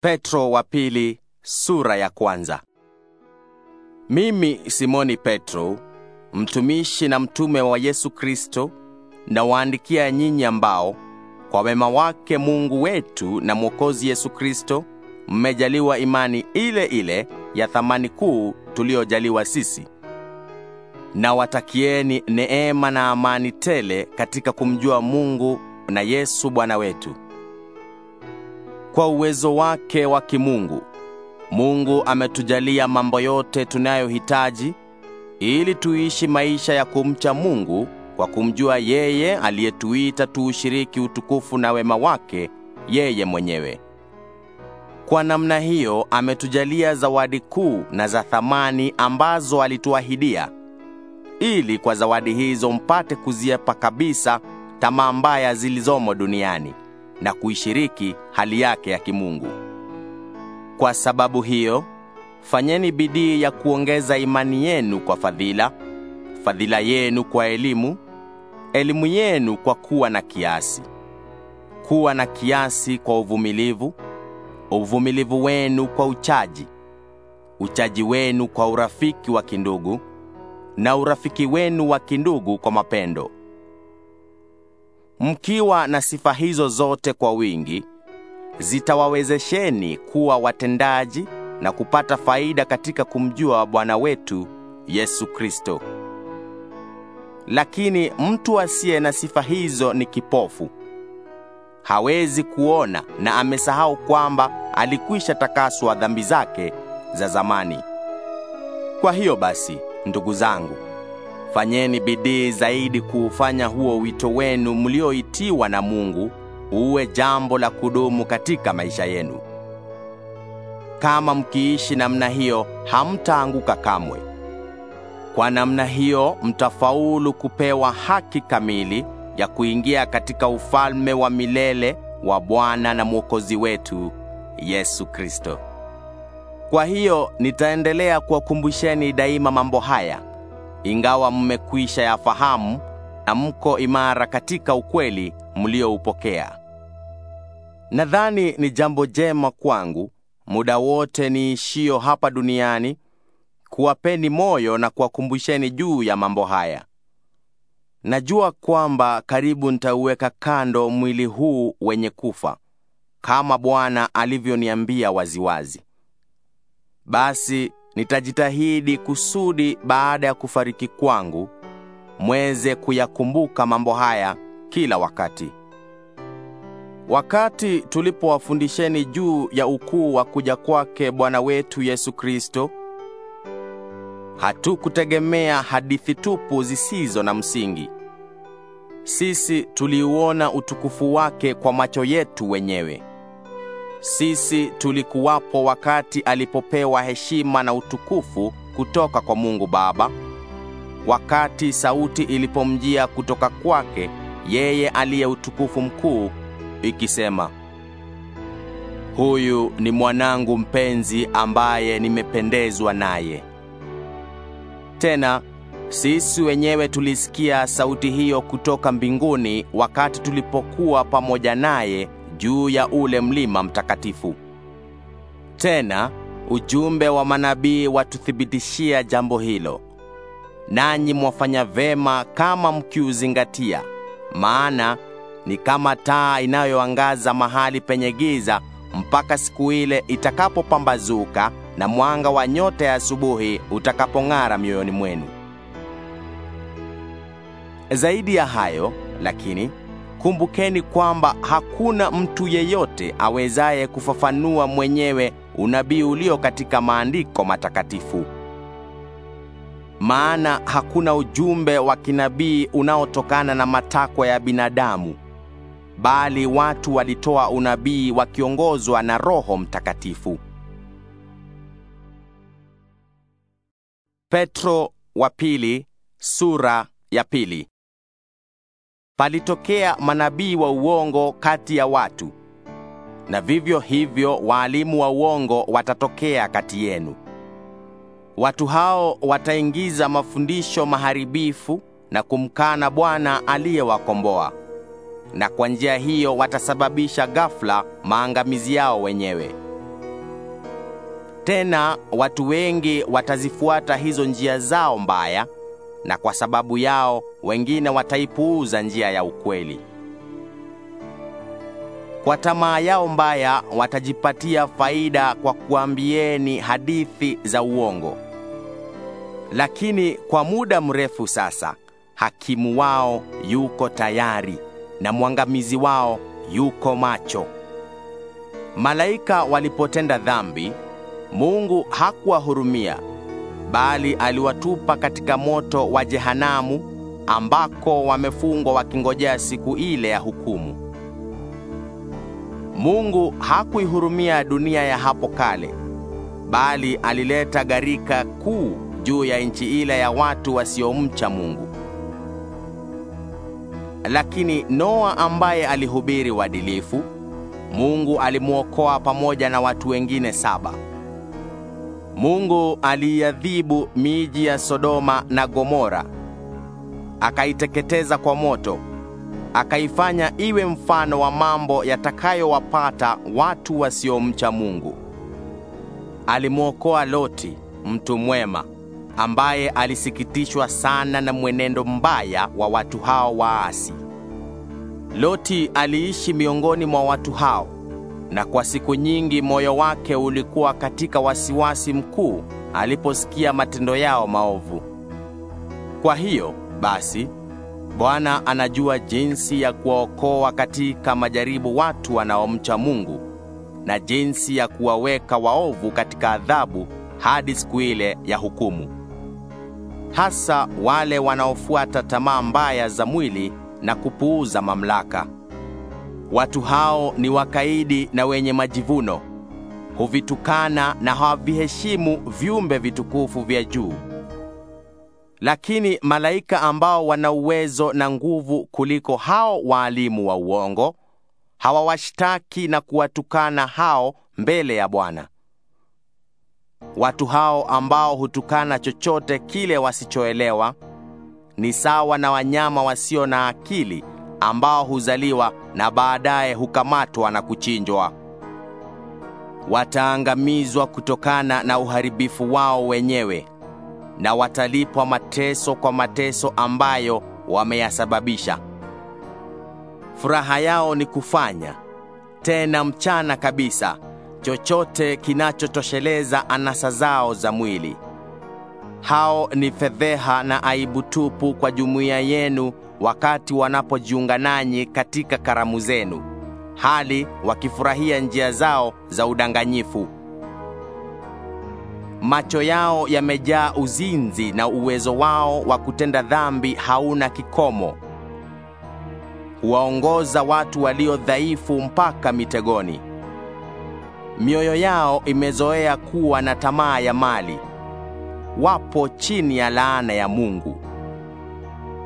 Petro wa pili sura ya kwanza. Mimi Simoni Petro, mtumishi na mtume wa Yesu Kristo, nawaandikia nyinyi ambao kwa wema wake Mungu wetu na Mwokozi Yesu Kristo mmejaliwa imani ile ile ya thamani kuu tuliyojaliwa sisi. Nawatakieni neema na amani tele katika kumjua Mungu na Yesu Bwana wetu kwa uwezo wake wa kimungu. Mungu ametujalia mambo yote tunayohitaji ili tuishi maisha ya kumcha Mungu kwa kumjua yeye aliyetuita tuushiriki utukufu na wema wake yeye mwenyewe. Kwa namna hiyo ametujalia zawadi kuu na za thamani ambazo alituahidia, ili kwa zawadi hizo mpate kuziepa kabisa tamaa mbaya zilizomo duniani na kuishiriki hali yake ya kimungu. Kwa sababu hiyo, fanyeni bidii ya kuongeza imani yenu kwa fadhila, fadhila yenu kwa elimu, elimu yenu kwa kuwa na kiasi, kuwa na kiasi kwa uvumilivu, uvumilivu wenu kwa uchaji, uchaji wenu kwa urafiki wa kindugu, na urafiki wenu wa kindugu kwa mapendo. Mkiwa na sifa hizo zote kwa wingi, zitawawezesheni kuwa watendaji na kupata faida katika kumjua Bwana wetu Yesu Kristo. Lakini mtu asiye na sifa hizo ni kipofu. Hawezi kuona na amesahau kwamba alikwisha takaswa dhambi zake za zamani. Kwa hiyo basi, ndugu zangu, Fanyeni bidii zaidi kuufanya huo wito wenu mlioitiwa na Mungu uwe jambo la kudumu katika maisha yenu. Kama mkiishi namna hiyo, hamtaanguka kamwe. Kwa namna hiyo mtafaulu kupewa haki kamili ya kuingia katika ufalme wa milele wa Bwana na Mwokozi wetu Yesu Kristo. Kwa hiyo nitaendelea kuwakumbusheni daima mambo haya ingawa mmekwisha yafahamu na mko imara katika ukweli mlioupokea. Nadhani ni jambo jema kwangu muda wote niishio hapa duniani kuwapeni moyo na kuwakumbusheni juu ya mambo haya. Najua kwamba karibu nitauweka kando mwili huu wenye kufa kama Bwana alivyoniambia waziwazi. Basi Nitajitahidi kusudi baada ya kufariki kwangu mweze kuyakumbuka mambo haya kila wakati. Wakati tulipowafundisheni juu ya ukuu wa kuja kwake Bwana wetu Yesu Kristo, hatukutegemea hadithi tupu zisizo na msingi. Sisi tuliuona utukufu wake kwa macho yetu wenyewe. Sisi tulikuwapo wakati alipopewa heshima na utukufu kutoka kwa Mungu Baba. Wakati sauti ilipomjia kutoka kwake yeye aliye utukufu mkuu ikisema, Huyu ni mwanangu mpenzi ambaye nimependezwa naye. Tena sisi wenyewe tulisikia sauti hiyo kutoka mbinguni wakati tulipokuwa pamoja naye juu ya ule mlima mtakatifu. Tena ujumbe wa manabii watuthibitishia jambo hilo. Nanyi mwafanya vema kama mkiuzingatia, maana ni kama taa inayoangaza mahali penye giza mpaka siku ile itakapopambazuka na mwanga wa nyota ya asubuhi utakapong'ara mioyoni mwenu. Zaidi ya hayo lakini Kumbukeni kwamba hakuna mtu yeyote awezaye kufafanua mwenyewe unabii ulio katika maandiko matakatifu. Maana hakuna ujumbe wa kinabii unaotokana na matakwa ya binadamu, bali watu walitoa unabii wakiongozwa na Roho Mtakatifu. Petro wa pili, sura ya pili palitokea manabii wa uongo kati ya watu, na vivyo hivyo waalimu wa uongo watatokea kati yenu. Watu hao wataingiza mafundisho maharibifu na kumkana Bwana aliyewakomboa, na kwa njia hiyo watasababisha ghafla maangamizi yao wenyewe. Tena watu wengi watazifuata hizo njia zao mbaya na kwa sababu yao wengine wataipuuza njia ya ukweli. Kwa tamaa yao mbaya watajipatia faida kwa kuambieni hadithi za uongo. Lakini kwa muda mrefu sasa, hakimu wao yuko tayari na mwangamizi wao yuko macho. Malaika walipotenda dhambi, Mungu hakuwahurumia bali aliwatupa katika moto wa jehanamu ambako wamefungwa wakingojea siku ile ya hukumu. Mungu hakuihurumia dunia ya hapo kale, bali alileta gharika kuu juu ya nchi ile ya watu wasiomcha Mungu. Lakini Noa ambaye alihubiri uadilifu, Mungu alimwokoa pamoja na watu wengine saba. Mungu aliiadhibu miji ya Sodoma na Gomora, akaiteketeza kwa moto, akaifanya iwe mfano wa mambo yatakayowapata watu wasiomcha Mungu. Alimwokoa Loti, mtu mwema, ambaye alisikitishwa sana na mwenendo mbaya wa watu hao waasi. Loti aliishi miongoni mwa watu hao na kwa siku nyingi moyo wake ulikuwa katika wasiwasi mkuu aliposikia matendo yao maovu. Kwa hiyo basi, Bwana anajua jinsi ya kuwaokoa katika majaribu watu wanaomcha Mungu na jinsi ya kuwaweka waovu katika adhabu hadi siku ile ya hukumu, hasa wale wanaofuata tamaa mbaya za mwili na kupuuza mamlaka. Watu hao ni wakaidi na wenye majivuno, huvitukana na hawaviheshimu viumbe vitukufu vya juu. Lakini malaika ambao wana uwezo na nguvu kuliko hao waalimu wa uongo hawawashtaki na kuwatukana hao mbele ya Bwana. Watu hao ambao hutukana chochote kile wasichoelewa ni sawa na wanyama wasio na akili ambao huzaliwa na baadaye hukamatwa na kuchinjwa. Wataangamizwa kutokana na uharibifu wao wenyewe na watalipwa mateso kwa mateso ambayo wameyasababisha. Furaha yao ni kufanya tena mchana kabisa chochote kinachotosheleza anasa zao za mwili. Hao ni fedheha na aibu tupu kwa jumuiya yenu wakati wanapojiunga nanyi katika karamu zenu, hali wakifurahia njia zao za udanganyifu. Macho yao yamejaa uzinzi na uwezo wao wa kutenda dhambi hauna kikomo. Huwaongoza watu walio dhaifu mpaka mitegoni. Mioyo yao imezoea kuwa na tamaa ya mali. Wapo chini ya laana ya Mungu.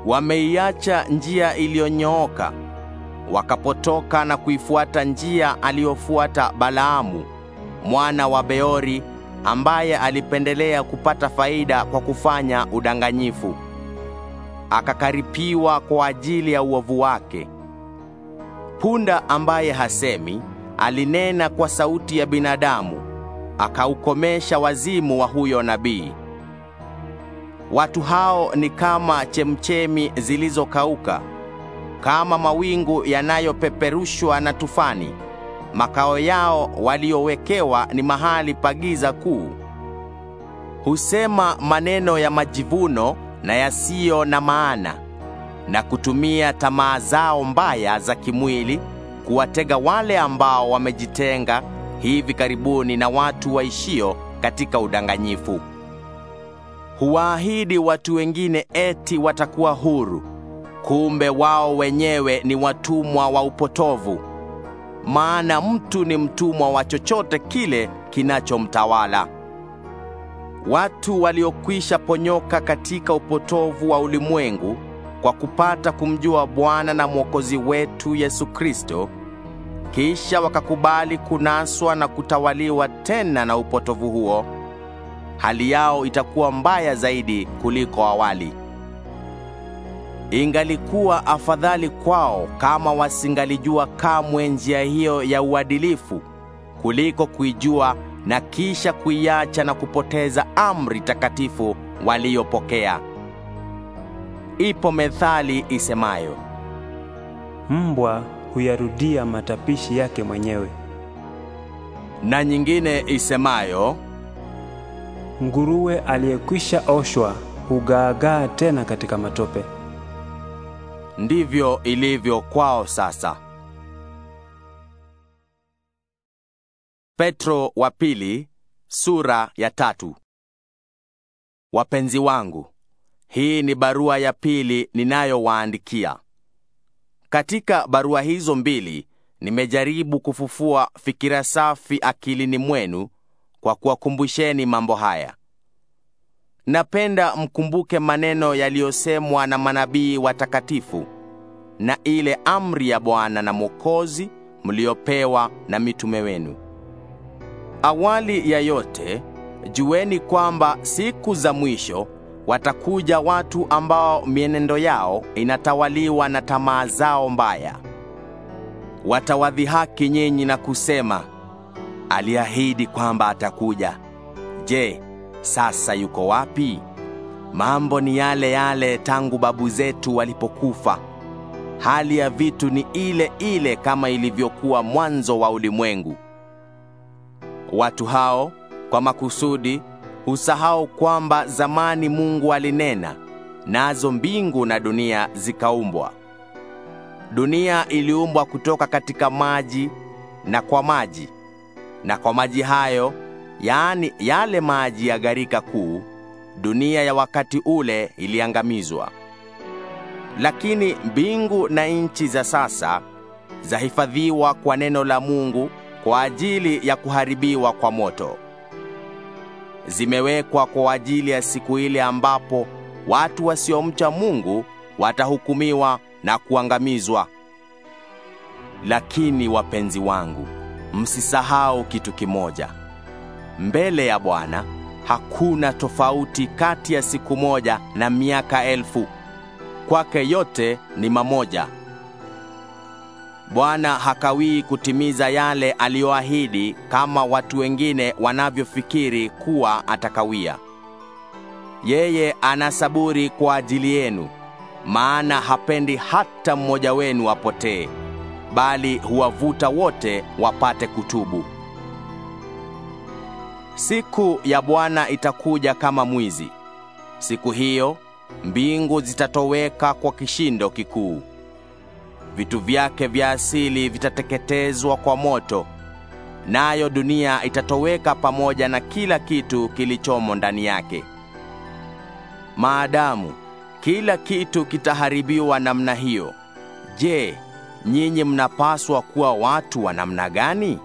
Wameiacha njia iliyonyooka, wakapotoka na kuifuata njia aliyofuata Balaamu mwana wa Beori, ambaye alipendelea kupata faida kwa kufanya udanganyifu. Akakaripiwa kwa ajili ya uovu wake. Punda ambaye hasemi alinena kwa sauti ya binadamu, akaukomesha wazimu wa huyo nabii. Watu hao ni kama chemchemi zilizokauka, kama mawingu yanayopeperushwa na tufani. Makao yao waliowekewa ni mahali pa giza kuu. Husema maneno ya majivuno na yasiyo na maana na kutumia tamaa zao mbaya za kimwili kuwatega wale ambao wamejitenga hivi karibuni na watu waishio katika udanganyifu huwaahidi watu wengine eti watakuwa huru, kumbe wao wenyewe ni watumwa wa upotovu. Maana mtu ni mtumwa wa chochote kile kinachomtawala. Watu waliokwisha ponyoka katika upotovu wa ulimwengu kwa kupata kumjua Bwana na Mwokozi wetu Yesu Kristo, kisha wakakubali kunaswa na kutawaliwa tena na upotovu huo hali yao itakuwa mbaya zaidi kuliko awali. Ingalikuwa afadhali kwao kama wasingalijua kamwe njia hiyo ya uadilifu kuliko kuijua na kisha kuiacha na kupoteza amri takatifu waliyopokea. Ipo methali isemayo, mbwa huyarudia matapishi yake mwenyewe, na nyingine isemayo nguruwe aliyekwisha oshwa hugaagaa tena katika matope. Ndivyo ilivyo kwao sasa. Petro wa pili, sura ya tatu. Wapenzi wangu, hii ni barua ya pili ninayowaandikia. Katika barua hizo mbili nimejaribu kufufua fikira safi akilini mwenu kwa kuwakumbusheni mambo haya. Napenda mkumbuke maneno yaliyosemwa na manabii watakatifu na ile amri ya Bwana na Mwokozi mliopewa na mitume wenu. Awali ya yote, jueni kwamba siku za mwisho watakuja watu ambao mienendo yao inatawaliwa na tamaa zao mbaya. Watawadhihaki nyinyi na kusema Aliahidi kwamba atakuja. Je, sasa yuko wapi? Mambo ni yale yale tangu babu zetu walipokufa. Hali ya vitu ni ile ile kama ilivyokuwa mwanzo wa ulimwengu. Watu hao kwa makusudi husahau kwamba zamani Mungu alinena, nazo mbingu na dunia zikaumbwa. Dunia iliumbwa kutoka katika maji na kwa maji na kwa maji hayo, yaani yale maji ya gharika kuu, dunia ya wakati ule iliangamizwa. Lakini mbingu na nchi za sasa zahifadhiwa kwa neno la Mungu kwa ajili ya kuharibiwa kwa moto. Zimewekwa kwa ajili ya siku ile ambapo watu wasiomcha Mungu watahukumiwa na kuangamizwa. Lakini wapenzi wangu msisahau kitu kimoja. Mbele ya Bwana hakuna tofauti kati ya siku moja na miaka elfu. Kwake yote ni mamoja. Bwana hakawii kutimiza yale aliyoahidi kama watu wengine wanavyofikiri kuwa atakawia. Yeye ana saburi kwa ajili yenu, maana hapendi hata mmoja wenu apotee bali huwavuta wote wapate kutubu. Siku ya Bwana itakuja kama mwizi. Siku hiyo mbingu zitatoweka kwa kishindo kikuu. Vitu vyake vya asili vitateketezwa kwa moto, nayo dunia itatoweka pamoja na kila kitu kilichomo ndani yake. Maadamu kila kitu kitaharibiwa namna hiyo, je, nyinyi mnapaswa kuwa watu wa namna gani?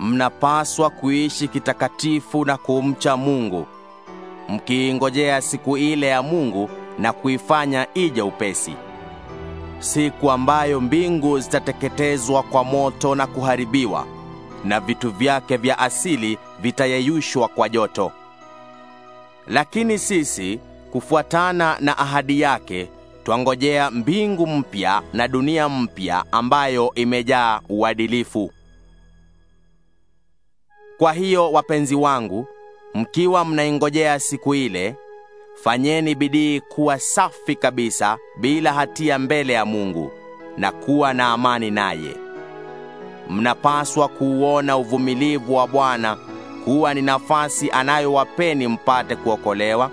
Mnapaswa kuishi kitakatifu na kumcha Mungu, mkiingojea siku ile ya Mungu na kuifanya ije upesi, siku ambayo mbingu zitateketezwa kwa moto na kuharibiwa, na vitu vyake vya asili vitayeyushwa kwa joto. Lakini sisi kufuatana na ahadi yake twangojea mbingu mpya na dunia mpya ambayo imejaa uadilifu. Kwa hiyo wapenzi wangu, mkiwa mnaingojea siku ile, fanyeni bidii kuwa safi kabisa bila hatia mbele ya Mungu na kuwa na amani naye. Mnapaswa kuuona uvumilivu wa Bwana kuwa ni nafasi anayowapeni mpate kuokolewa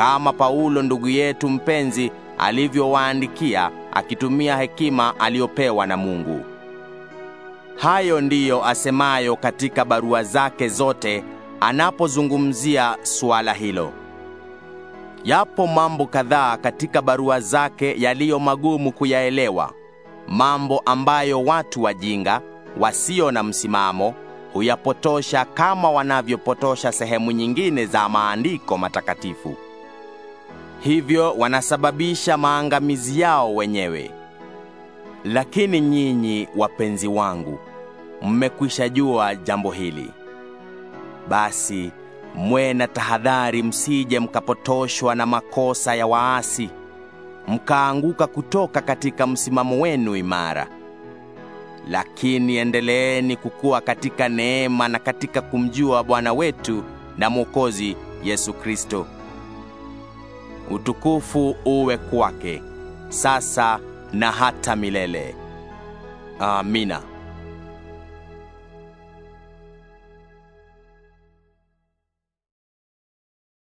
kama Paulo ndugu yetu mpenzi alivyowaandikia akitumia hekima aliyopewa na Mungu. Hayo ndiyo asemayo katika barua zake zote anapozungumzia suala hilo. Yapo mambo kadhaa katika barua zake yaliyo magumu kuyaelewa, mambo ambayo watu wajinga wasio na msimamo huyapotosha kama wanavyopotosha sehemu nyingine za maandiko matakatifu hivyo wanasababisha maangamizi yao wenyewe. Lakini nyinyi wapenzi wangu, mmekwisha jua jambo hili. Basi mwe na tahadhari, msije mkapotoshwa na makosa ya waasi, mkaanguka kutoka katika msimamo wenu imara. Lakini endeleeni kukua katika neema na katika kumjua Bwana wetu na Mwokozi Yesu Kristo. Utukufu uwe kwake sasa na hata milele. Amina.